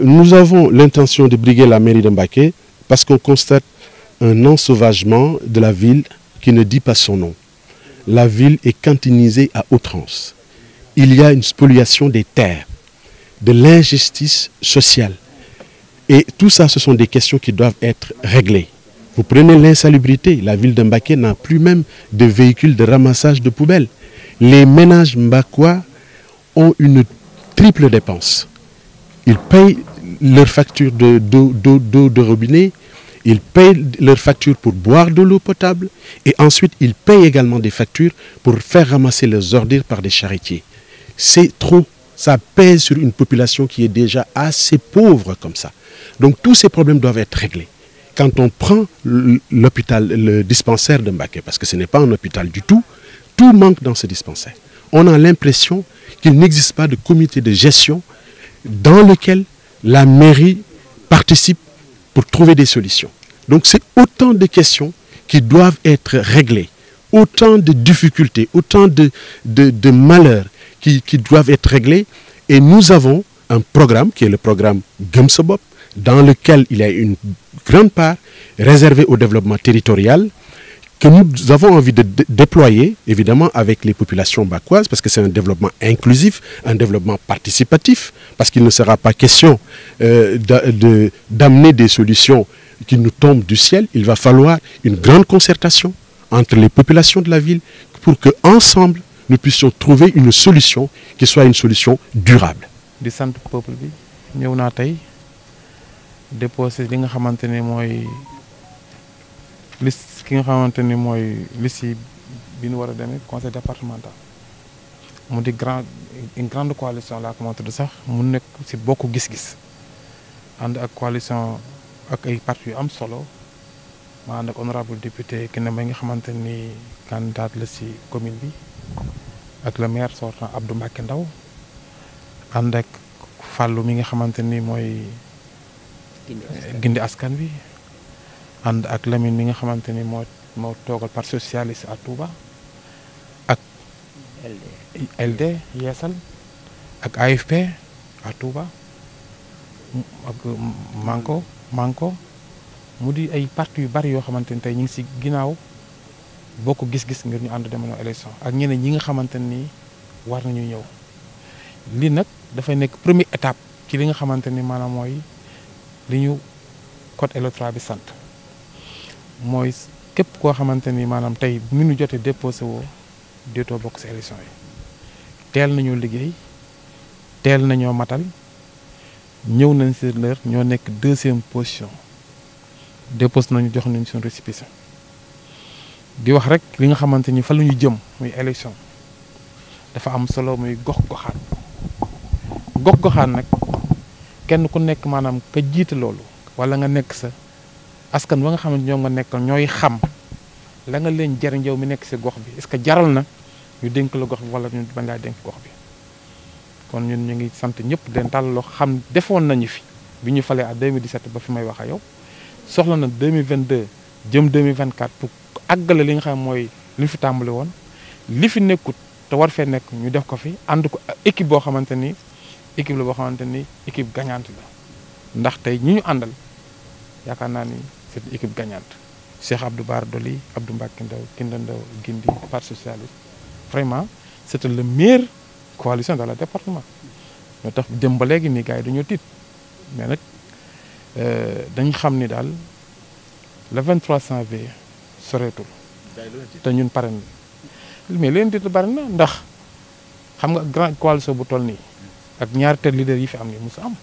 nous avons l'intention de briguer la mairie de Mbacké parce qu'on constate un ensauvagement de la ville qui ne dit pas son nom. La ville est cantinisée à outrance. Il y a une spoliation des terres, de l'injustice sociale. Et tout ça, ce sont des questions qui doivent être réglées. Vous prenez l'insalubrité, la ville de Mbacké n'a plus même de véhicules de ramassage de poubelles. Les ménages mbackois ont une triple dépense. ils payent leur facture de d'eau d'eau d'eau de robinet ils payent leur facture pour boire de l'eau potable et ensuite ils payent également des factures pour faire ramasser leurs ordures par des charretiers c'est trop ça pèse sur une population qui est déjà assez pauvre comme ça donc tous ces problèmes doivent être réglés quand on prend l'hôpital le dispensaire de Mbacké parce que ce n'est pas un hôpital du tout tout manque dans ce dispensaire on a l'impression qu'il n'existe pas de de gestion dans lequel la mairie participe pour trouver des solutions. Donc c'est autant de questions qui doivent être réglées, autant de difficultés, autant de, de, de malheurs qui, qui, doivent être réglés. Et nous avons un programme qui est le programme Gumsobop, dans lequel il y a une grande part réservée au développement territorial, que nous avons envie de dé déployer, évidemment, avec les populations bakoises, parce que c'est un développement inclusif, un développement participatif, parce qu'il ne sera pas question euh, d'amener des solutions qui nous tombent du ciel. Il va falloir une grande concertation entre les populations de la ville pour que ensemble nous puissions trouver une solution qui soit une solution durable. di sant peuple bi ñëw naa tey déposé li nga xamante ne mooy ki nga xamante ni mooy liste yi bi nu war a demee conseil départemental mu di grand une grande coalition laa ko sax mu nekk si bokk gis-gis ànd ak coalition ak ay parti yu am solo ma ànd ak honorable député ki ne ma nga xamante ni candidat la si commune bi ak le maire sortant Abdou Mbacké Ndaw ànd ak fàllu mi nga xamante ni mooy gindi askan bi ànd ak Lamine bi nga xamante ni moo moo toogal parti socialiste à Touba ak. LD Yeesal ak AFP à Touba ak Manko Manko mu di ay parti yu bari yoo xamante ni tey ñu ngi si ginnaaw bokk gis-gis ngir ñu ànd demoon élection ak ñeneen ñi nga xamante ni war nañu ñëw lii nag dafay nekk premier étape ci li nga xamante ni maanaam mooy li ñu code électoral bi sant. mooy képp koo xamante ni maanaam tey mi nu jotee déposé woo déetoo bokk si élection yi teel nañoo liggéey teel nañoo matal ñëw nañ si l'heure ñoo nekk deuxième position déposé nañu jox nañ suñu récépissé di wax rek li nga xamante ni fa la ñu jëm muy élection dafa am solo muy gox goxaan gox goxaan nag kenn ku nekk maanaam ka jiite loolu wala nga nekk sa. askan ba nga xam ne ñoom nga nekk ñooy xam la nga leen jariñ yow mi nekk si gox bi est-ce que jaral na ñu dénk la gox bi wala ñu bañ laa dénk gox bi kon ñun ñu ngi sant ñëpp tàll tàllaloo xam defoon nañu fi bi ñu falee à 2017 ba fi may wax a yow soxla na 2022 jëm 2024 pour àggale li nga xam mooy li fi tàmbali woon li fi nekkut te war fee nekk ñu def ko fi ànd ko équipe boo xamante ni équipe la boo xamante ni équipe gagnante la ndax tey ñi ñu àndal yaakaar naa ni c'est une équipe gagnante Cheikh Abdou Bara Dolly Abdou Mbacké Ndaw Kinda Ndaw Gindi Parti socialiste vraiment c'était le meilleur coalition dans le département ñoo tax dem ba léegi nii gars yi dañoo tiit mais nag euh, dañ xam ni daal le 23 janvier soreetul te ñun pare mais leen tiit bari na ndax xam nga grand coalition bu toll nii ak ñaari tête leader yi fi am ni musu am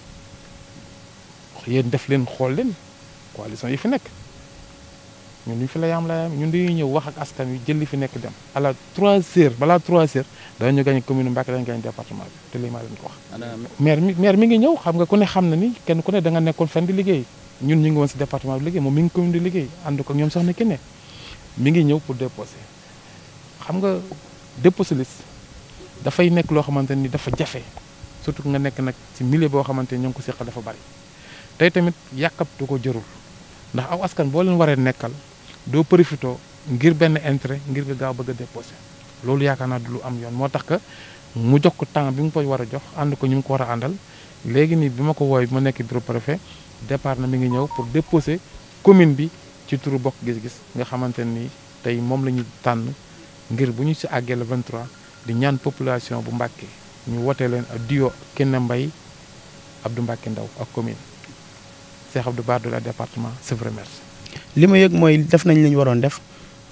yéen def leen xool leen coalition yi fi nekk ñun duñ fi la yam la yam ñun dañuy ñëw wax ak askan wi jël li fi nekk dem à la 3 heures balaa 3 heures danañu gañ commune Mbacké dañu gañ département bi te lii maa leen ko wax. maire mi ngi ñëw xam nga ko ne xam na ni kenn ku ne da nga nekkoon fenn di liggéey ñun ñu ngi woon si département bi liggéey moom mi ngi commune di liggéey ànd ko ñoom soxna ki ne mi ngi ñëw pour déposer xam nga déposer liste dafay nekk loo xamante ni dafa jafe surtout nga nekk nag si milieu boo xamante ni ñoo ngi ko seqal dafa bari tey tamit yàqab ko jërul ndax aw askan boo leen waree nekkal doo profitoo ngir benn intérêt ngir nga gaaw bëgg déposé loolu yaakaar naa du lu am yoon moo tax que mu jox ko temps bi mu ko war a jox ànd ko ñu mu ko war a àndal léegi nii bi ma ko woowee bi ma nekk bureau préfet départ na mi ngi ñëw pour déposer commune bi ci turu bokk gis-gis nga xamante ni tey moom la ñu tànn ngir bu ñu si àggee le 23 di ñaan population bu Mbàkke ñu wote leen ak kenn mbay Mbaye Abdou Mbàkke Ndaw ak commune Cheikh Abdou Bara Dolly département Sèvres li ma yëg mooy def nañ li ñu waroon def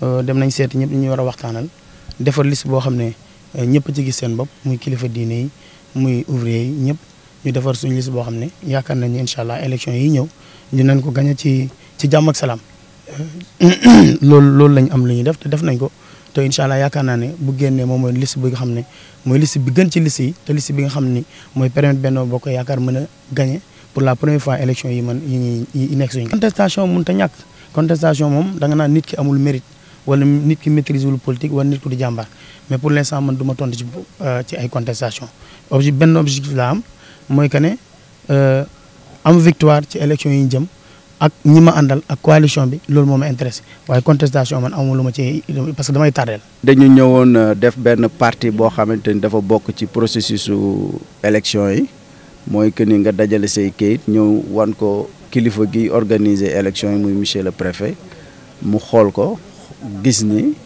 euh, dem nañ seet ñëpp ñu war a waxtaanal defar liste boo xam ne euh, ñëpp ci gis seen bopp muy kilifa diine yi muy ouvrier yi ñëpp ñu defar suñu liste boo xam ne yaakaar nañu incha allah élection yi ñëw ñu nañ ko gañ ci ci jàmm ak salaam loolu loolu lañ am lu ñuy def def nañ ko te incha yaakaar naa ne bu génnee moom mooy liste bi nga xam ne mooy liste bi gën ci liste yi te liste bi nga xam ni mooy permettre boo Bokk Yaakaar mën a gañe pour la première fois élection yi man yi ñuy yi nekk suñu contestation mun ta ñàkk contestation moom danga nga naan nit ki amul mérite wala nit ki maîtrise wul politique wala nit ku di jàmbaar mais pour l'instant man du ma tontu ci euh, ci ay contestation objet benn objectif la am mooy que ne euh, am victoire ci élection yi ñu jëm ak ñi ma àndal ak coalition bi loolu moom ma waaye contestation man amul lu ma ci parce que damay tardeel dañu ñëwoon euh, def benn parti boo xamante ni dafa bokk ci processus élection yi mooy que ni nga dajale say kayit ñëw wan ko kilifa gi organiser élection yi muy monsieur le préfet mu xool ko gis ni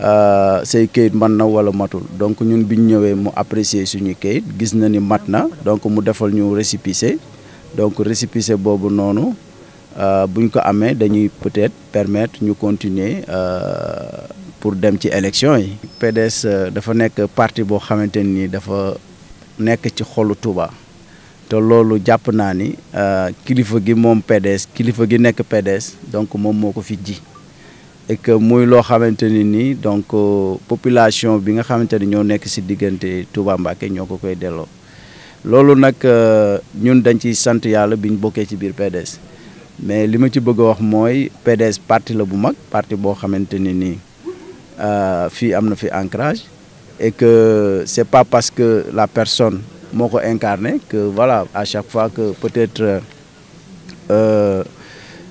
euh, say kayit man na wala matul donc ñun bi ñu ñëwee mu apprécier suñu kayit gis na ni mat na donc mu defal ñu récépissé donc récépissé boobu noonu euh, bu ñu ko amee dañuy peut-être permettre ñu continuer euh, pour dem ci élection yi. PDS dafa nekk partie boo xamante nii dafa nekk ci xolu Touba. loolu jàpp naa ni euh, kilifa gi moom PDS kilifa gi nekk PDS donc moom moo ko fi ji et muy loo xamante ni nii donc euh, population bi nga xamante ni ñoo nekk si diggante Touba Mbacké ñoo ko koy delloo loolu nag euh, ñun dañ ci sant yàlla biñ bokkee ci biir PDS mais li ma ci bëgg a wax mooy PDS parti la bu mag parti boo xamante ni nii fii am na fi encrage e que c'est pas parce que la personne moo ko incarné que voilà à chaque fois que peut-être euh, euh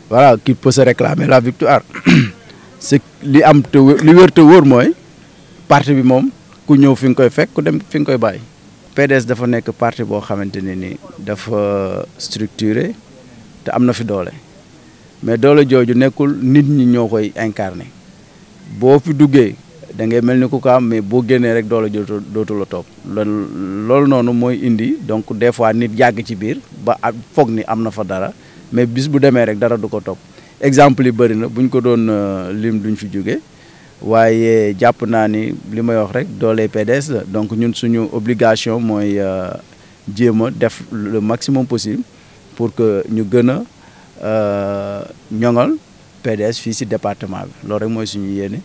voilà qui peut se réclamer la victoire c'est li am te li wér te wóor mooy parti bi moom ku ñëw fi nga koy fekk ku dem fi nga koy bàyyi. PDS dafa nekk parti boo xamante ne nii dafa structurer te am na fi doole mais doole jooju nekkul nit ñi ñoo koy incarné boo fi duggee. da ngay mel ni ku ko am mais boo génnee rek doola jot dootu la topp loolu noonu mooy indi donc des fois nit yàgg ci biir ba ak foog ni am na fa dara mais bis bu demee rek dara du ko topp exemple yi bëri na bu ñu ko doon euh, lim duñ fi jóge waaye jàpp naa ni li may wax rek doole PDS donc ñun suñu obligation mooy euh, jéem a def le maximum possible pour que ñu gën a euh, ñoŋal PDS fii si département bi loolu rek mooy suñu yéene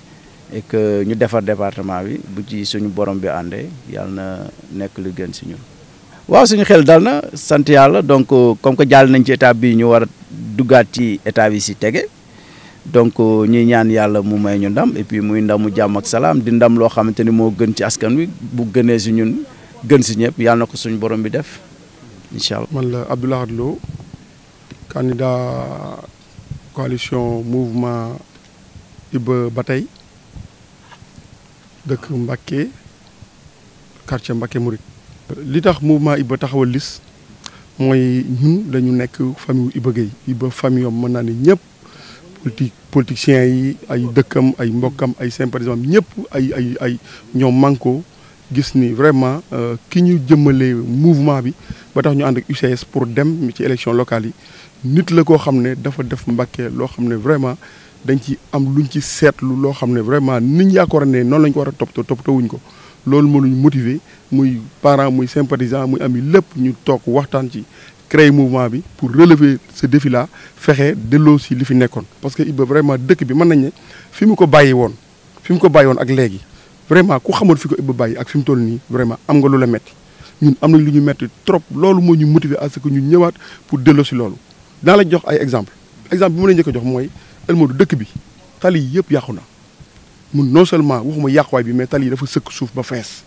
et ñu defar département bi bu ci suñu borom bi àndee yàlla na nekk lu gën si ñun. waaw suñu xel dal na sant yàlla donc comme que jàll nañ ci étape bi ñu war a duggaat ci étape yi si tege donc ñuy ñaan yàlla mu may ñu ndam et puis muy mu jàmm ak salaam di ndam loo xamante ni moo gën ci askan wi bu gënee si ñun gën si ñëpp yàlla na ko suñu borom bi def incha allah. man la Abdou Lahad Lo candidat coalition mouvement Iba Ba Tey dëkk Mbacké quartier Mbacké Mouride. li tax mouvement ba taxawal lis mooy ñun dañu nekk famille Iba Gueye Iba famille am mën naa ne ñëpp politique politiciens yi ay dëkkam ay mbokkam ay sympathisants ñëpp ay ay ay ñoom manko gis ni vraiment euh, ki ñu jëmmalee mouvement bi ba tax ñu ànd ak UCS pour dem ci élection locale yi nit la koo xam ne dafa def Mbacké loo xam ne vraiment dañ ci am lu ñu ci seetlu loo xam ne vraiment niñ yaakaar ne noonu lañ ko war a toppatoo toppatoo wuñ ko loolu moo ñu motiver muy parent muy sympathisant muy ami lépp ñu toog waxtaan ci créer mouvement bi pour relever ce défi là fexe delloo si li fi nekkoon. parce que Iba vraiment dëkk bi mën nañ fi mu ko fi mu ko bàyyi ak léegi vraiment ku xamoon fi ko Iba bàyyi ak fi mu toll nii vraiment am nga lu la metti nañ lu ñu metti trop loolu moo ñu motiver à ce ñu ñëwaat pour delloo si loolu. dinaa jox ay exemple exemple bi ma la jox mooy. Elmodou dëkk bi tali yi yëpp yàqu na mun non seulement waxuma yàquwaay bi mais tali yi dafa sëkk suuf ba fees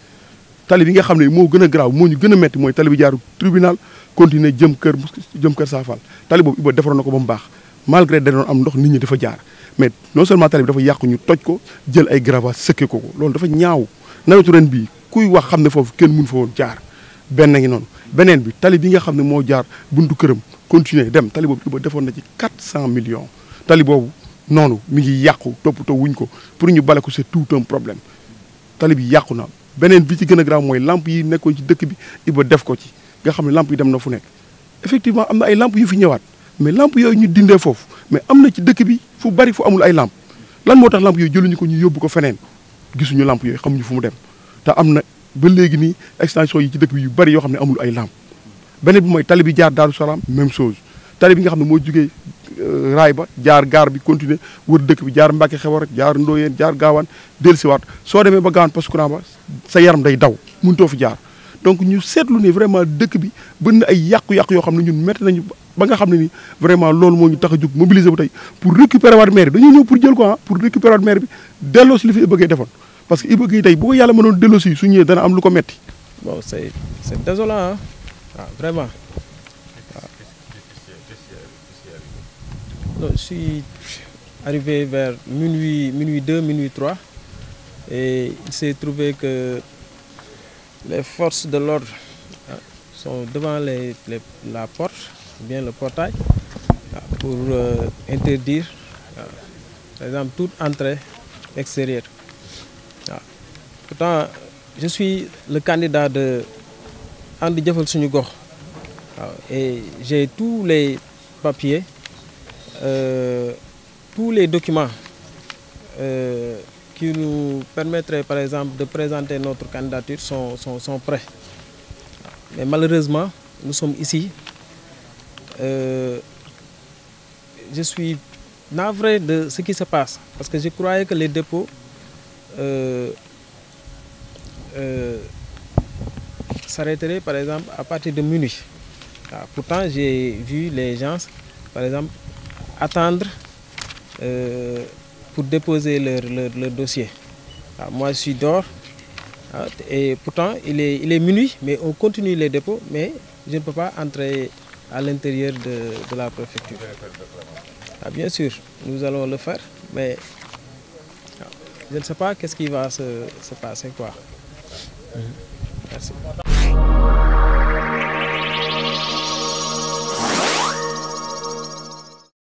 tali bi nga xam ne moo gën a garaaw moo ñu gën a metti mooy tali bi jaaru tribunal continuer jëm kër jëm kër saafal tali boobu Iba defaroon na ko ba mu baax malgré da doon am ndox nit ñi dafa jaar mais non seulement tali bi dafa yàqu ñu toj ko jël ay a sëkkee ko ko loolu dafa ñaaw nawetu ren bi kuy wax xam ne foofu kenn mun fa woon jaar benn ngi noonu beneen bi tali bi nga xam ne moo jaar buntu këram continuer dem tali boobu Iba defoon na ci 400 millions tali boobu noonu mu ngi yàqu toppatoo wuñ ko pour ñu bale ko c'est tout un problème tali bi yàqu na beneen bi ci gën a grave mooy lamp yi nekkoon ci dëkk bi Iba def ko ci nga xam ne làmp yi dem na fu nekk effectivement am na ay lamp yu fi ñëwaat mais lamp yooyu ñu dindee foofu mais am na ci dëkk bi fu bari fu amul ay làmp lan moo tax lamp yooyu jëluñu ko ñu yóbbu ko feneen gisuñu làmp yooyu xamuñu fu mu dem te am na ba léegi nii extension yi ci dëkk bi yu bari yoo xam ne amul ay lamp beneen bi mooy tali bi jaar Daaru Salaam même chose tali bi nga xam ne moo jugee raay ba jaar gaar bi continuer wër dëkk bi jaar Mbàkke Xewar jaar Ndoyeen jaar gaawaan dellusiwaat soo demee ba gaawaan parce que courant ba sa yaram day daw mënutoo fi jaar donc ñu seetlu nii vraiment dëkk bi bën na ay yàqu-yàqu yoo xam ne ñun métti nañu ba nga xam ne ni vraiment loolu moo ñu tax a jóg mobiliser bu tey pour récupérer waat maire bi dañuy ñëw pour jël ko ah pour récupérer waat maire bi delloo li fi bëggee defoon parce que i bëggee tey bu ko je suis arrivé vers minuit, minuit 2, minuit 3 et il s'est trouvé que les forces de l'ordre sont devant les, la porte, bien le portail, ah, pour euh, interdire, euh, par exemple, toute entrée extérieure. Voilà. Ah. Pourtant, je suis le candidat de Andy Djefal gox et j'ai tous les papiers euh, tous les documents euh, qui nous permettraient, par exemple, de présenter notre candidature sont, sont, sont prêts. Mais malheureusement, nous sommes ici. Euh, je suis navré de ce qui se passe parce que je croyais que les dépôts euh, euh, s'arrêteraient, par exemple, à partir de minuit. Ah, pourtant, j'ai vu les gens, par exemple, attendre euh, pour déposer leur, leur, leur dossier. Alors, ah, moi, je suis dehors ah, et pourtant, il est, il minuit, mais on continue les dépôts, mais je ne peux pas entrer à l'intérieur de, de, la préfecture. Ah, bien sûr, nous allons le faire, mais je ne sais pas qu'est-ce qui va se, passer. Quoi. Mm-hmm.